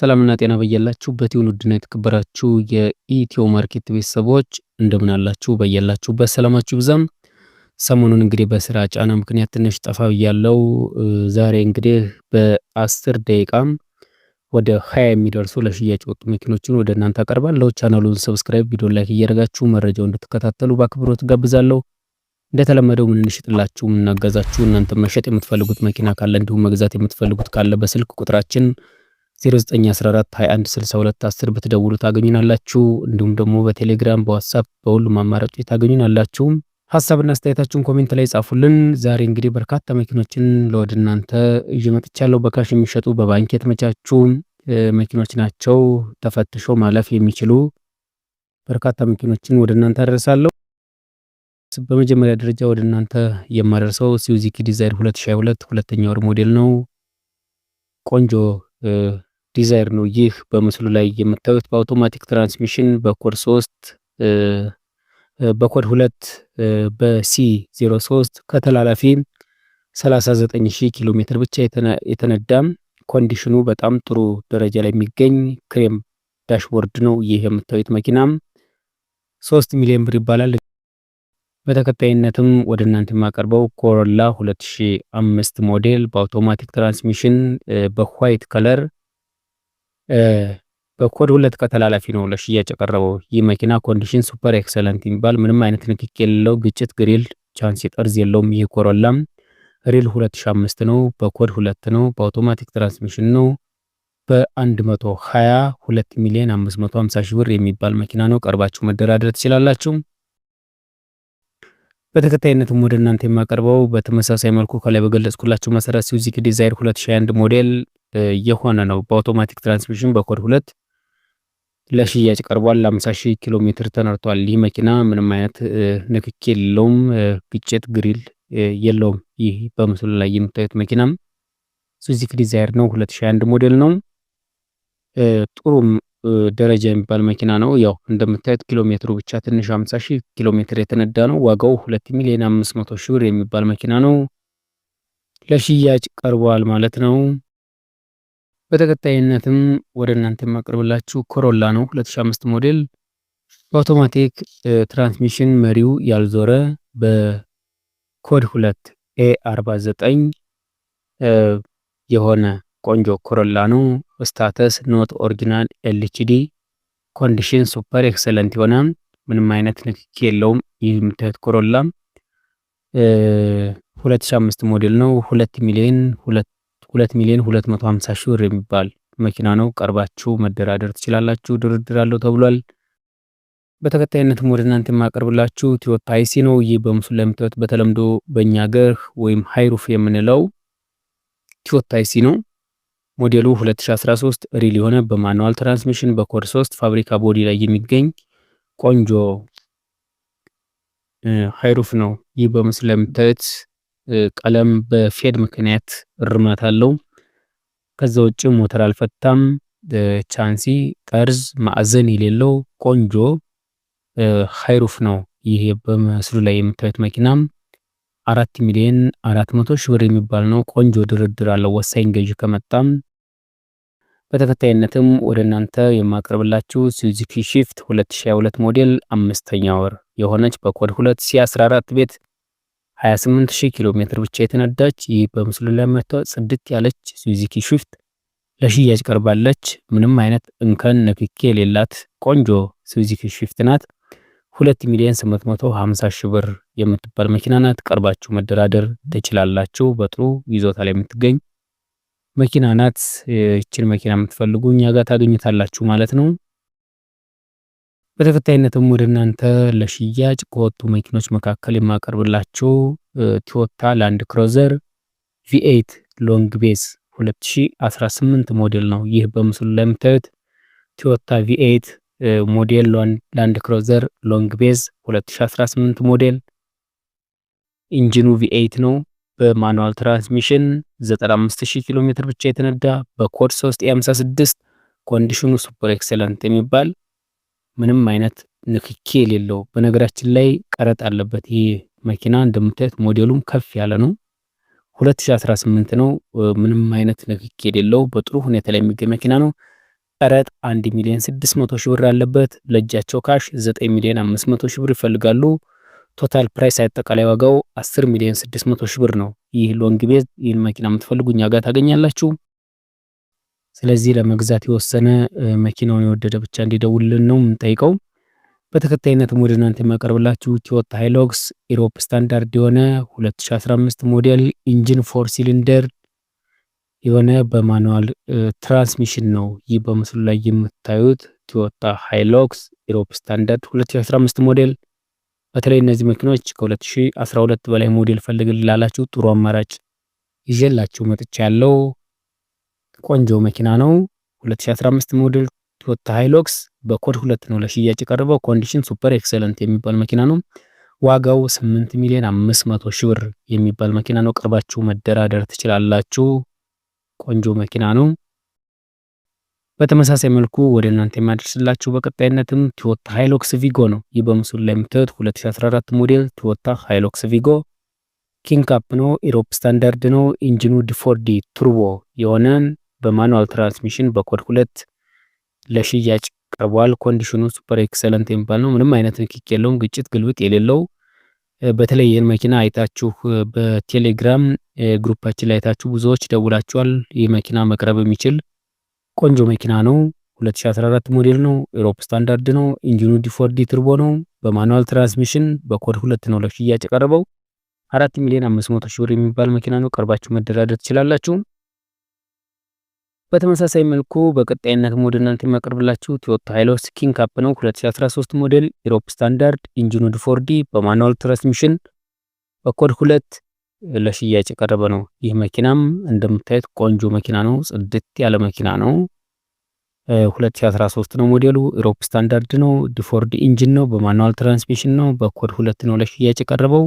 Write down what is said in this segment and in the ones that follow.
ሰላምና ጤና በያላችሁ በትውልድና የተከበራችሁ የኢትዮ ማርኬት ቤተሰቦች እንደምን አላችሁ? በያላችሁበት ሰላማችሁ ብዛም። ሰሞኑን እንግዲህ በስራ ጫና ምክንያት ትንሽ ጠፋ ብያለሁ። ዛሬ እንግዲህ በአስር ደቂቃ ወደ ሀያ የሚደርሱ ለሽያጭ ወጡ መኪኖችን ወደ እናንተ አቀርባለሁ። ቻናሉን ሰብስክራይብ፣ ቪዲዮ ላይክ እያደረጋችሁ መረጃው እንድትከታተሉ በአክብሮት ጋብዛለሁ። እንደተለመደው ምን እንሽጥላችሁ ምን እናገዛችሁ እናንተ መሸጥ የምትፈልጉት መኪና ካለ እንዲሁም መግዛት የምትፈልጉት ካለ በስልክ ቁጥራችን 0914216210 216210 በተደውሉ ታገኙናላችሁ። እንዲሁም ደግሞ በቴሌግራም በዋትሳፕ በሁሉም አማራጮች ታገኙናላችሁ። ሀሳብና አስተያየታችሁን ኮሜንት ላይ ጻፉልን። ዛሬ እንግዲህ በርካታ መኪኖችን ለወደ እናንተ ይዤ መጥቻለሁ። በካሽ የሚሸጡ በባንክ የተመቻቹ መኪኖች ናቸው። ተፈትሾ ማለፍ የሚችሉ በርካታ መኪኖችን ወደ እናንተ አደርሳለሁ። በመጀመሪያ ደረጃ ወደ እናንተ የማደርሰው ሲዩዚኪ ዲዛይር 2022 ሁለተኛ ወር ሞዴል ነው። ቆንጆ ዲዛይር ነው። ይህ በምስሉ ላይ የምታዩት በአውቶማቲክ ትራንስሚሽን በኮድ 3 በኮድ 2 በሲ 03 ከተላላፊ 39000 ኪሎ ሜትር ብቻ የተነዳ ኮንዲሽኑ በጣም ጥሩ ደረጃ ላይ የሚገኝ ክሬም ዳሽቦርድ ነው። ይህ የምታዩት መኪናም 3 ሚሊዮን ብር ይባላል። በተከታይነትም ወደ እናንተ የማቀርበው ኮሮላ 2005 ሞዴል በአውቶማቲክ ትራንስሚሽን በዋይት ከለር በኮድ ሁለት ከተላላፊ ነው ለሽያጭ የቀረበው። ይህ መኪና ኮንዲሽን ሱፐር ኤክሰለንት የሚባል ምንም አይነት ንክክ የሌለው ግጭት፣ ግሪል፣ ቻንሲ ጠርዝ የለውም። ይህ ኮሮላም ሪል 2005 ነው። በኮድ ሁለት ነው። በአውቶማቲክ ትራንስሚሽን ነው። በ122 ሚሊዮን 550 ሺህ ብር የሚባል መኪና ነው። ቀርባችሁ መደራደር ትችላላችሁ። በተከታይነትም ወደ እናንተ የማቀርበው በተመሳሳይ መልኩ ከላይ በገለጽኩላችሁ መሰረት ሲዩዚክ ዲዛይር 2021 ሞዴል የሆነ ነው። በአውቶማቲክ ትራንስሚሽን በኮድ ሁለት ለሽያጭ ቀርቧል። 50 ሺህ ኪሎ ሜትር ተነርቷል። ይህ መኪና ምንም አይነት ንክኪ የለውም፣ ግጭት ግሪል የለውም። ይህ በምስሉ ላይ የምታዩት መኪናም ሱዚክ ዲዛይር ነው። 2021 ሞዴል ነው። ጥሩም ደረጃ የሚባል መኪና ነው። ያው እንደምታዩት ኪሎ ሜትሩ ብቻ ትንሽ 50 ሺህ ኪሎ ሜትር የተነዳ ነው። ዋጋው 2 ሚሊዮን 500 ሺህ ብር የሚባል መኪና ነው። ለሽያጭ ቀርቧል ማለት ነው። በተከታይነትም ወደ እናንተ የማቀርብላችሁ ኮሮላ ነው 2005 ሞዴል በአውቶማቲክ ትራንስሚሽን መሪው ያልዞረ በኮድ 2 ኤ 49 የሆነ ቆንጆ ኮሮላ ነው። ስታተስ ኖት ኦሪጂናል ኤልችዲ ኮንዲሽን ሱፐር ኤክሰለንት የሆነ ምንም አይነት ንክኪ የለውም። ይህ የምታዩት ኮሮላ 2005 ሞዴል ነው። 2 ሚሊዮን 2 ሁለት ሚሊዮን ሁለት መቶ ሀምሳ ሺህ ብር የሚባል መኪና ነው። ቀርባችሁ መደራደር ትችላላችሁ። ድርድር አለው ተብሏል። በተከታይነትም ወደ እናንተ የማቀርብላችሁ ቶዮታ አይሲ ነው። ይህ በምስሉ ላይ የምታዩት በተለምዶ በእኛ ገር ወይም ሃይሩፍ የምንለው ቶዮታ አይሲ ነው። ሞዴሉ 2013 ሪል የሆነ በማኑዋል ትራንስሚሽን በኮድ 3 ፋብሪካ ቦዲ ላይ የሚገኝ ቆንጆ ሃይሩፍ ነው። ይህ በምስሉ ላይ የምታዩት ቀለም በፌድ ምክንያት እርማት አለው። ከዛ ውጭ ሞተር አልፈታም። ቻንሲ ቀርዝ ማዕዘን የሌለው ቆንጆ ሀይሩፍ ነው። ይህ በምስሉ ላይ የምታዩት መኪናም አራት ሚሊዮን አራት መቶ ሺህ ብር የሚባል ነው። ቆንጆ ድርድር አለው ወሳኝ ገዢ ከመጣም። በተከታይነትም ወደ እናንተ የማቀርብላችሁ ሱዙኪ ሺፍት 2022 ሞዴል አምስተኛ ወር የሆነች በኮድ 2 ቤት 28,000 ኪሎ ሜትር ብቻ የተነዳች ይህ በምስሉ ላይ መጥቷ ጽድት ያለች ሱዚኪ ሽፍት ለሽያጭ ቀርባለች። ምንም አይነት እንከን ንክኪ የሌላት ቆንጆ ሱዚኪ ሽፍት ናት። 2 ሚሊዮን 850 ሺህ ብር የምትባል መኪና ናት። ቀርባችሁ መደራደር ትችላላችሁ። በጥሩ ይዞታ ላይ የምትገኝ መኪና ናት። ይችን መኪና የምትፈልጉ እኛ ጋር ታገኙታላችሁ ማለት ነው። በተከታይነትም ወደ እናንተ ለሽያጭ ከወጡ መኪኖች መካከል የማቀርብላቸው ቶዮታ ላንድ ክሮዘር ቪኤት ሎንግ ቤዝ 2018 ሞዴል ነው። ይህ በምስሉ ላይ የምታዩት ቶዮታ ቪኤት ሞዴል ላንድ ክሮዘር ሎንግ ቤዝ 2018 ሞዴል ኢንጂኑ ቪኤት ነው። በማኑዋል ትራንስሚሽን 95000 ኪሎ ሜትር ብቻ የተነዳ በኮድ 3 56 ኮንዲሽኑ ሱፐር ኤክሰለንት የሚባል ምንም አይነት ንክኪ የሌለው በነገራችን ላይ ቀረጥ አለበት። ይህ መኪና እንደምታዩት ሞዴሉም ከፍ ያለ ነው። 2018 ነው። ምንም አይነት ንክኪ የሌለው በጥሩ ሁኔታ ላይ የሚገኝ መኪና ነው። ቀረጥ 1 ሚሊዮን 600 ሺህ ብር አለበት። ለእጃቸው ካሽ 9 ሚሊዮን 500 ሺህ ብር ይፈልጋሉ። ቶታል ፕራይስ አጠቃላይ ዋጋው 10 ሚሊዮን 600 ሺህ ብር ነው። ይህ ሎንግ ቤዝ ይህን መኪና የምትፈልጉ እኛ ጋር ታገኛላችሁ። ስለዚህ ለመግዛት የወሰነ መኪናውን የወደደ ብቻ እንዲደውልን ነው የምንጠይቀው። በተከታይነትም ወደ እናንተ የሚያቀርብላችሁ ቶዮታ ሃይሎክስ ኢሮፕ ስታንዳርድ የሆነ 2015 ሞዴል ኢንጂን ፎር ሲሊንደር የሆነ በማኑዋል ትራንስሚሽን ነው። ይህ በምስሉ ላይ የምታዩት ቶዮታ ሃይሎክስ ኢሮፕ ስታንዳርድ 2015 ሞዴል። በተለይ እነዚህ መኪኖች ከ2012 በላይ ሞዴል ፈልግላላችሁ ላላችሁ ጥሩ አማራጭ ይዤላችሁ መጥቻ ያለው ቆንጆ መኪና ነው። 2015 ሞዴል ቶዮታ ሃይሎክስ በኮድ ሁለት ነው ለሽያጭ የቀረበው። ኮንዲሽን ሱፐር ኤክሰለንት የሚባል መኪና ነው። ዋጋው 8 ሚሊዮን 500 ሺህ ብር የሚባል መኪና ነው። ቅርባችሁ መደራደር ትችላላችሁ። ቆንጆ መኪና ነው። በተመሳሳይ መልኩ ወደ እናንተ የማደርስላችሁ በቀጣይነትም ቶዮታ ሃይሎክስ ቪጎ ነው። ይህ በምስሉ ላይ የምታዩት 2014 ሞዴል ቶዮታ ሃይሎክስ ቪጎ ኪንግ ካፕ ነው። ኢሮፕ ስታንዳርድ ነው። ኢንጂኑ ዲፎርዲ ቱርቦ የሆነ በማኑዋል ትራንስሚሽን በኮድ ሁለት ለሽያጭ ቀርቧል። ኮንዲሽኑ ሱፐር ኤክሰለንት የሚባል ነው። ምንም አይነት ንክክ የለውም፣ ግጭት ግልብጥ የሌለው በተለይ ይህን መኪና አይታችሁ በቴሌግራም ግሩፓችን ላይ አይታችሁ ብዙዎች ደውላችኋል። ይህ መኪና መቅረብ የሚችል ቆንጆ መኪና ነው። 2014 ሞዴል ነው። ኤሮፕ ስታንዳርድ ነው። ኢንጂኑ ዲፎርዲ ትርቦ ነው። በማኑዋል ትራንስሚሽን በኮድ ሁለት ነው ለሽያጭ ቀርበው አራት ሚሊዮን አምስት መቶ ሺህ ብር የሚባል መኪና ነው። ቀርባችሁ መደራደር ትችላላችሁ። በተመሳሳይ መልኩ በቀጣይነት ሞዴልነት የሚያቀርብላችሁ ቶዮታ ሃይሎስ ኪንግ ካፕ ነው። 2013 ሞዴል ኢሮፕ ስታንዳርድ ኢንጂኑድ ፎርዲ በማኑዋል ትራንስሚሽን በኮድ ሁለት ለሽያጭ የቀረበ ነው። ይህ መኪናም እንደምታዩት ቆንጆ መኪና ነው። ጽድት ያለ መኪና ነው። 2013 ነው ሞዴሉ። ኢሮፕ ስታንዳርድ ነው። ዲፎርዲ ኢንጂን ነው። በማኑዋል ትራንስሚሽን ነው። በኮድ ሁለት ነው ለሽያጭ የቀረበው።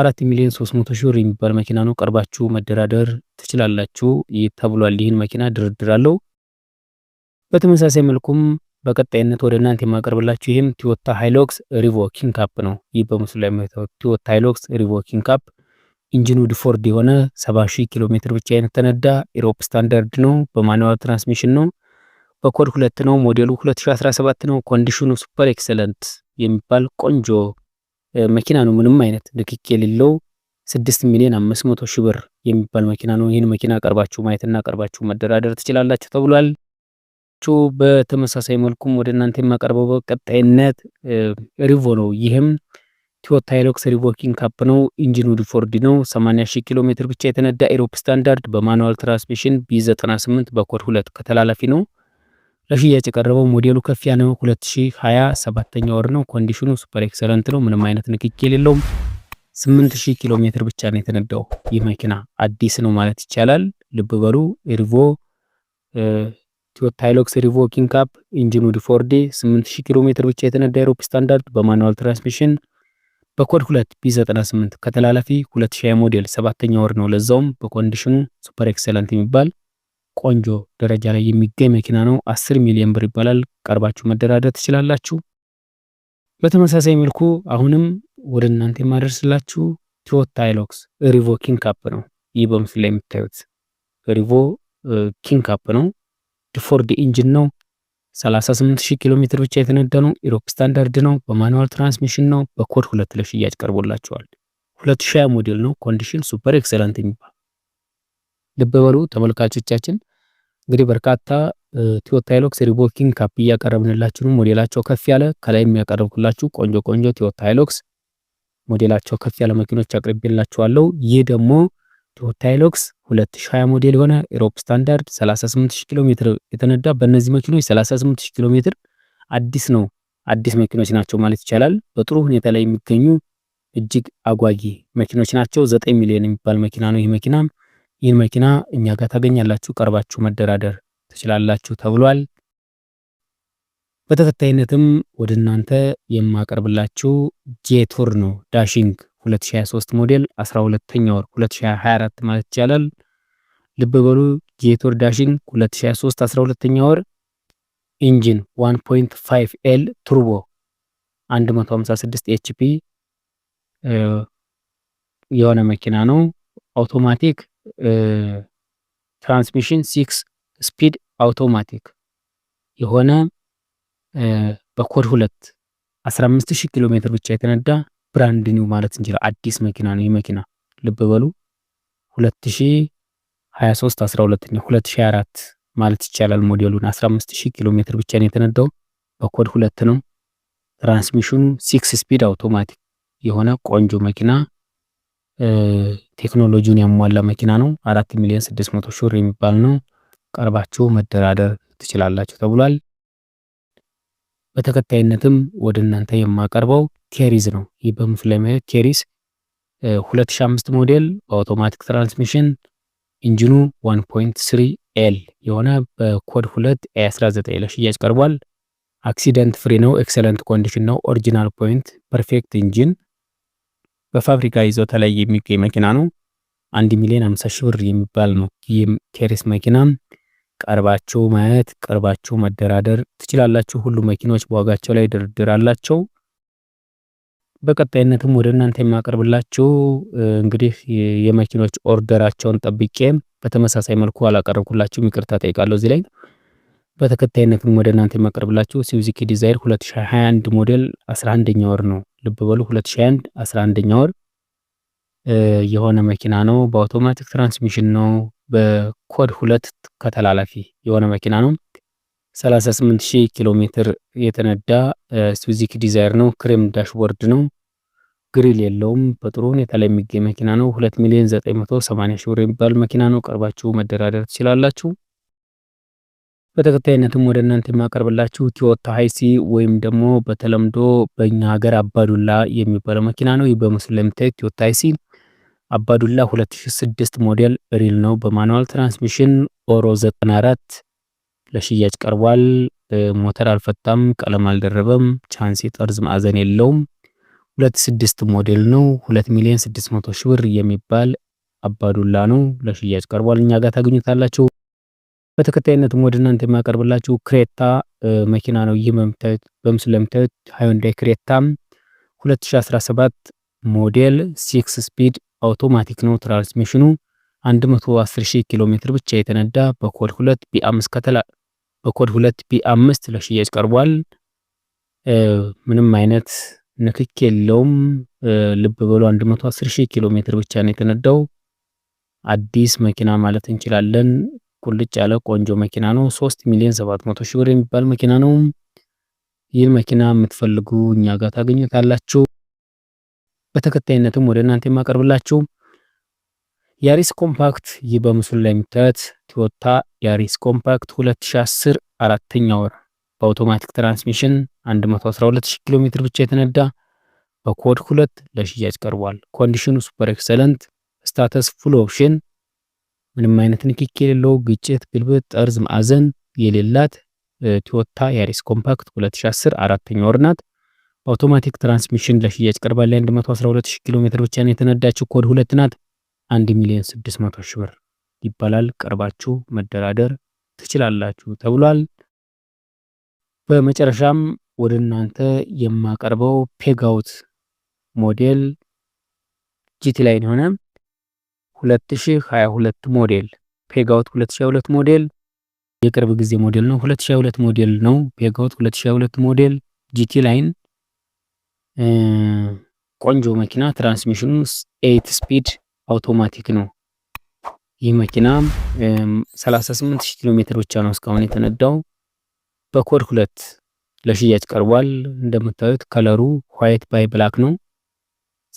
አራት ሚሊዮን 300 ሺህ ብር የሚባል መኪና ነው። ቀርባችሁ መደራደር ትችላላችሁ ተብሏል። ይህን መኪና ድርድር አለው። በተመሳሳይ መልኩም በቀጣይነት ወደ እናንተ የማቀርብላችሁ ይህም ቶዮታ ሃይሎክስ ሪቮ ኪንካፕ ነው። ይህ በምስሉ ላይ የምታዩት ቶዮታ ሃይሎክስ ሪቮ ኪንካፕ ኢንጂኑ ዲፎርድ የሆነ 70 ሺህ ኪሎ ሜትር ብቻ የተነዳ ኢሮፕ ስታንዳርድ ነው። በማኑዋል ትራንስሚሽን ነው። በኮድ ሁለት ነው። ሞዴሉ 2017 ነው። ኮንዲሽኑ ሱፐር ኤክሰለንት የሚባል ቆንጆ መኪና ነው። ምንም አይነት ልክክ የሌለው ስድስት ሚሊዮን አምስት መቶ ሺህ ብር የሚባል መኪና ነው። ይህን መኪና ቀርባችሁ ማየትና ቀርባችሁ መደራደር ትችላላችሁ ተብሏል። በተመሳሳይ መልኩም ወደ እናንተ የማቀርበው በቀጣይነት ሪቮ ነው። ይህም ቶዮታ ሃይሉክስ ሪቮ ኪንግ ካፕ ነው። ኢንጂኑ ዲፎርድ ነው። 80 ሺህ ኪሎ ሜትር ብቻ የተነዳ ኤሮፕ ስታንዳርድ በማኑዋል ትራንስሚሽን ቢ98 በኮድ ሁለት ከተላላፊ ነው። ለሽያጭ የቀረበው ሞዴሉ ከፍ ያለው 2027 ወር ነው። ኮንዲሽኑ ሱፐር ኤክሰለንት ነው። ምንም አይነት ንክኪ የሌለውም። 8000 ኪሎ ሜትር ብቻ ነው የተነዳው። ይህ መኪና አዲስ ነው ማለት ይቻላል። ልብ በሉ ሪቮ ቶዮታ ሃይሉክስ ሪቮ ኪንካፕ ኢንጂኑ ዲፎርዴ 8000 ኪሎ ሜትር ብቻ የተነዳ የሮፕ ስታንዳርድ በማኑዋል ትራንስሚሽን በኮድ 2 ቢ98 ከተላላፊ 2020 ሞዴል ሰባተኛ ወር ነው። ለዛውም በኮንዲሽኑ ሱፐር ኤክሰለንት የሚባል ቆንጆ ደረጃ ላይ የሚገኝ መኪና ነው። 10 ሚሊዮን ብር ይባላል። ቀርባችሁ መደራደር ትችላላችሁ። በተመሳሳይ መልኩ አሁንም ወደ እናንተ የማደርስላችሁ ቶዮታ አይሎክስ ሪቮ ኪንግ ካፕ ነው። ይህ በምስሉ ላይ የምታዩት ሪቮ ኪንግ ካፕ ነው። ዲፎርድ ኢንጂን ነው። 38000 ኪሎ ሜትር ብቻ የተነዳ ነው። ኤሮፕ ስታንዳርድ ነው። በማኑዋል ትራንስሚሽን ነው። በኮድ ሁለት ለሽያጭ ቀርቦላቸዋል። 2020 ሞዴል ነው። ኮንዲሽን ሱፐር ኤክሰለንት የሚባል ልብ በሉ ተመልካቾቻችን። እንግዲህ በርካታ ቲዮታይሎክስ ሪቦኪንግ ካፕ እያቀረብንላችሁ ሞዴላቸው ከፍ ያለ ከላይ የሚያቀርብኩላችሁ ቆንጆ ቆንጆ ቲዮታይሎክስ ሞዴላቸው ከፍ ያለ መኪኖች አቅርቤላችኋለሁ። ይህ ደግሞ ቲዮታይሎክስ 2020 ሞዴል የሆነ ኢሮፕ ስታንዳርድ 38000 ኪሎ ሜትር የተነዳ በእነዚህ መኪኖች 38000 ኪሎ ሜትር አዲስ ነው። አዲስ መኪኖች ናቸው ማለት ይቻላል። በጥሩ ሁኔታ ላይ የሚገኙ እጅግ አጓጊ መኪኖች ናቸው። 9 ሚሊዮን የሚባል መኪና ነው ይህ መኪና። ይህን መኪና እኛ ጋር ታገኛላችሁ፣ ቀርባችሁ መደራደር ትችላላችሁ ተብሏል። በተከታይነትም ወደ እናንተ የማቀርብላችሁ ጄቱር ነው። ዳሽንግ 2023 ሞዴል 12ኛ ወር 2024 ማለት ይቻላል። ልብ በሉ ጄቱር ዳሽንግ 2023 12ኛ ወር ኢንጂን 1.5 ኤል ቱርቦ 156 ኤችፒ የሆነ መኪና ነው። አውቶማቲክ ትራንስሚሽን ሲክስ ስፒድ አውቶማቲክ የሆነ በኮድ ሁለት 15000 ኪሎ ሜትር ብቻ የተነዳ ብራንድ ኒው ማለት እንችላል። አዲስ መኪና ነው። መኪና ልብ በሉ 2023 12 2024 ማለት ይቻላል። ሞዴሉን 15000 ኪሎ ሜትር ብቻ ነው የተነዳው። በኮድ ሁለት ነው። ትራንስሚሽኑ ሲክስ ስፒድ አውቶማቲክ የሆነ ቆንጆ መኪና ቴክኖሎጂውን ያሟላ መኪና ነው። አራት ሚሊዮን ስድስት መቶ ሺህ ብር የሚባል ነው። ቀርባችሁ መደራደር ትችላላችሁ ተብሏል። በተከታይነትም ወደ እናንተ የማቀርበው ቴሪዝ ነው። ይህ በምስሉ ላይ ማየት ቴሪዝ 2005 ሞዴል በአውቶማቲክ ትራንስሚሽን ኢንጂኑ 1.3 ኤል የሆነ በኮድ 2 A19 ለሽያጭ ቀርቧል። አክሲደንት ፍሪ ነው። ኤክሰለንት ኮንዲሽን ነው። ኦሪጂናል ፖይንት ፐርፌክት ኢንጂን በፋብሪካ ይዞታ ላይ የሚገኝ መኪና ነው። አንድ ሚሊዮን 50 ሺህ ብር የሚባል ነው። ይህም ቴሬስ መኪና ቀርባችሁ ማየት ቀርባችሁ መደራደር ትችላላችሁ። ሁሉ መኪኖች በዋጋቸው ላይ ድርድር አላቸው። በቀጣይነትም ወደ እናንተ የማቀርብላችሁ እንግዲህ የመኪኖች ኦርደራቸውን ጠብቄ በተመሳሳይ መልኩ አላቀረብኩላችሁም ይቅርታ ጠይቃለሁ እዚህ ላይ በተከታይነትም ወደ እናንተ የማቀርብላችሁ ሲዩዚኪ ዲዛይር 2021 ሞዴል 11ኛ ወር ነው። ልብ በሉ 2021 11ኛ ወር የሆነ መኪና ነው። በአውቶማቲክ ትራንስሚሽን ነው። በኮድ ሁለት ከተላላፊ የሆነ መኪና ነው። 38000 ኪሎ ሜትር የተነዳ ሲዩዚኪ ዲዛይር ነው። ክሬም ዳሽቦርድ ነው። ግሪል የለውም። በጥሩ ሁኔታ ላይ የሚገኝ መኪና ነው። 2 ሚሊዮን 980 ሺህ ብር የሚባል መኪና ነው። ቀርባችሁ መደራደር ትችላላችሁ። በተከታይነትም ወደ እናንተ የማቀርብላችሁ ቲዮታ ሃይሲ ወይም ደግሞ በተለምዶ በእኛ ሀገር አባዱላ የሚባለው መኪና ነው። ይህ በምስሉ ላይ የምታዩት ቲዮታ ሃይሲ አባዱላ 2006 ሞዴል ሪል ነው። በማኑዋል ትራንስሚሽን ኦሮ 94 ለሽያጭ ቀርቧል። ሞተር አልፈታም፣ ቀለም አልደረበም፣ ቻንሲ ጠርዝ ማዕዘን የለውም። 2006 ሞዴል ነው። 2 ሚሊዮን 600 ሺህ ብር የሚባል አባዱላ ነው። ለሽያጭ ቀርቧል። እኛ ጋር ታገኙታላችሁ። በተከታይነት ወደ እናንተ የማቀርብላችሁ ክሬታ መኪና ነው። ይህ በምስሉ ለምታዩት ሃዩንዳይ ክሬታ 2017 ሞዴል ሲክስ ስፒድ አውቶማቲክ ነው። ትራንስሚሽኑ 110000 ኪሎ ሜትር ብቻ የተነዳ በኮድ 2 ቢ5 ከተላ በኮድ 2 ቢ5 ለሽያጭ ቀርቧል። ምንም አይነት ንክክ የለውም። ልብ በሉ 110000 ኪሎ ሜትር ብቻ ነው የተነዳው። አዲስ መኪና ማለት እንችላለን። ቁልጭ ያለ ቆንጆ መኪና ነው። 3 ሚሊዮን 700 ሺህ ብር የሚባል መኪና ነው። ይህ መኪና የምትፈልጉ እኛ ጋር ታገኙታላችሁ። በተከታይነትም ወደ እናንተ የማቀርብላችሁ ያሪስ ኮምፓክት፣ ይህ በምስሉ ላይ የምታዩት ቶዮታ ያሪስ ኮምፓክት 2010 አራተኛ ወር በአውቶማቲክ ትራንስሚሽን 112 ሺህ ኪሎ ሜትር ብቻ የተነዳ በኮድ 2 ለሽያጭ ቀርቧል። ኮንዲሽኑ ሱፐር ኤክሰለንት፣ ስታተስ ፉል ኦፕሽን ምንም አይነት ንክኪ የሌለው ግጭት፣ ግልብጥ፣ ጠርዝ፣ ማዕዘን የሌላት ቶዮታ ያሪስ ኮምፓክት 2010 አራተኛ ወር ናት። በአውቶማቲክ ትራንስሚሽን ለሽያጭ ላይ 112000 ኪሎ ሜትር ብቻ ነው የተነዳችው። ኮድ 2 ናት። 1 ሚሊዮን 600 ሺህ ብር ይባላል። ቀርባችሁ መደራደር ትችላላችሁ ተብሏል። በመጨረሻም ወደ እናንተ የማቀርበው ፔጋውት ሞዴል ጂቲ ላይን የሆነ 2022 ሞዴል ፔጋውት 2022 ሞዴል የቅርብ ጊዜ ሞዴል ነው። 2022 ሞዴል ነው። ፔጋውት 2022 ሞዴል ጂቲ ላይን ቆንጆ መኪና ትራንስሚሽኑ ኤይት ስፒድ አውቶማቲክ ነው። ይህ መኪና 38000 ኪሎ ሜትር ብቻ ነው እስካሁን የተነዳው። በኮድ ሁለት ለሽያጭ ቀርቧል። እንደምታዩት ከለሩ ዋይት ባይ ብላክ ነው።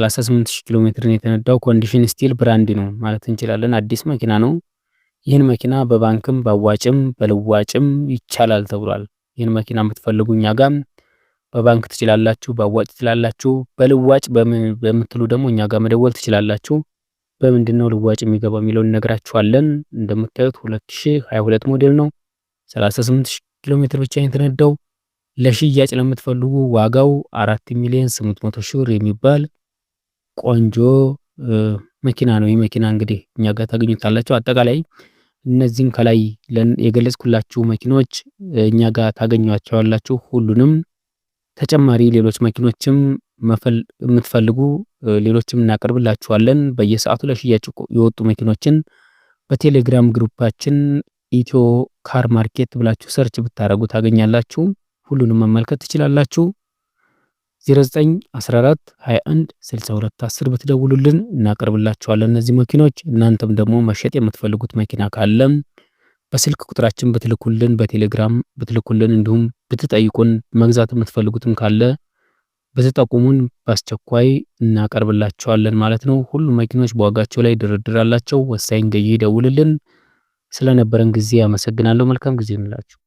38 ኪሎ ሜትርን የተነዳው ኮንዲሽን ስቲል ብራንድ ነው ማለት እንችላለን። አዲስ መኪና ነው። ይህን መኪና በባንክም በአዋጭም በልዋጭም ይቻላል ተብሏል። ይህን መኪና የምትፈልጉ እኛ በባንክ ትችላላችሁ፣ በአዋጭ ትችላላችሁ፣ በልዋጭ በምትሉ ደግሞ እኛ ጋር መደወል ትችላላችሁ። በምንድን ነው ልዋጭ የሚገባው የሚለውን እነግራችኋለን። እንደምታዩት 2022 ሞዴል ነው። 38 ኪሎ ሜትር ብቻ የተነዳው። ለሽያጭ ለምትፈልጉ ዋጋው 4 ሚሊዮን 800 ሺህ ብር የሚባል ቆንጆ መኪና ነው። ይህ መኪና እንግዲህ እኛ ጋር ታገኙታላችሁ። አጠቃላይ እነዚህም ከላይ የገለጽኩላችሁ መኪኖች እኛ ጋር ታገኟቸዋላችሁ። ሁሉንም ተጨማሪ ሌሎች መኪኖችም የምትፈልጉ ሌሎችም እናቀርብላችኋለን። በየሰዓቱ ለሽያጭ የወጡ መኪኖችን በቴሌግራም ግሩፓችን ኢትዮ ካር ማርኬት ብላችሁ ሰርች ብታደርጉ ታገኛላችሁ። ሁሉንም መመልከት ትችላላችሁ። 0914 21 62 10 ብትደውሉልን እናቀርብላችኋለን እነዚህ መኪኖች። እናንተም ደግሞ መሸጥ የምትፈልጉት መኪና ካለም በስልክ ቁጥራችን ብትልኩልን፣ በቴሌግራም ብትልኩልን፣ እንዲሁም ብትጠይቁን መግዛት የምትፈልጉትም ካለ ብትጠቁሙን በአስቸኳይ እናቀርብላቸዋለን ማለት ነው። ሁሉም መኪኖች በዋጋቸው ላይ ድርድር አላቸው። ወሳኝ ገዢ ስለነበረን ጊዜ አመሰግናለሁ። መልካም ጊዜ እንላችሁ።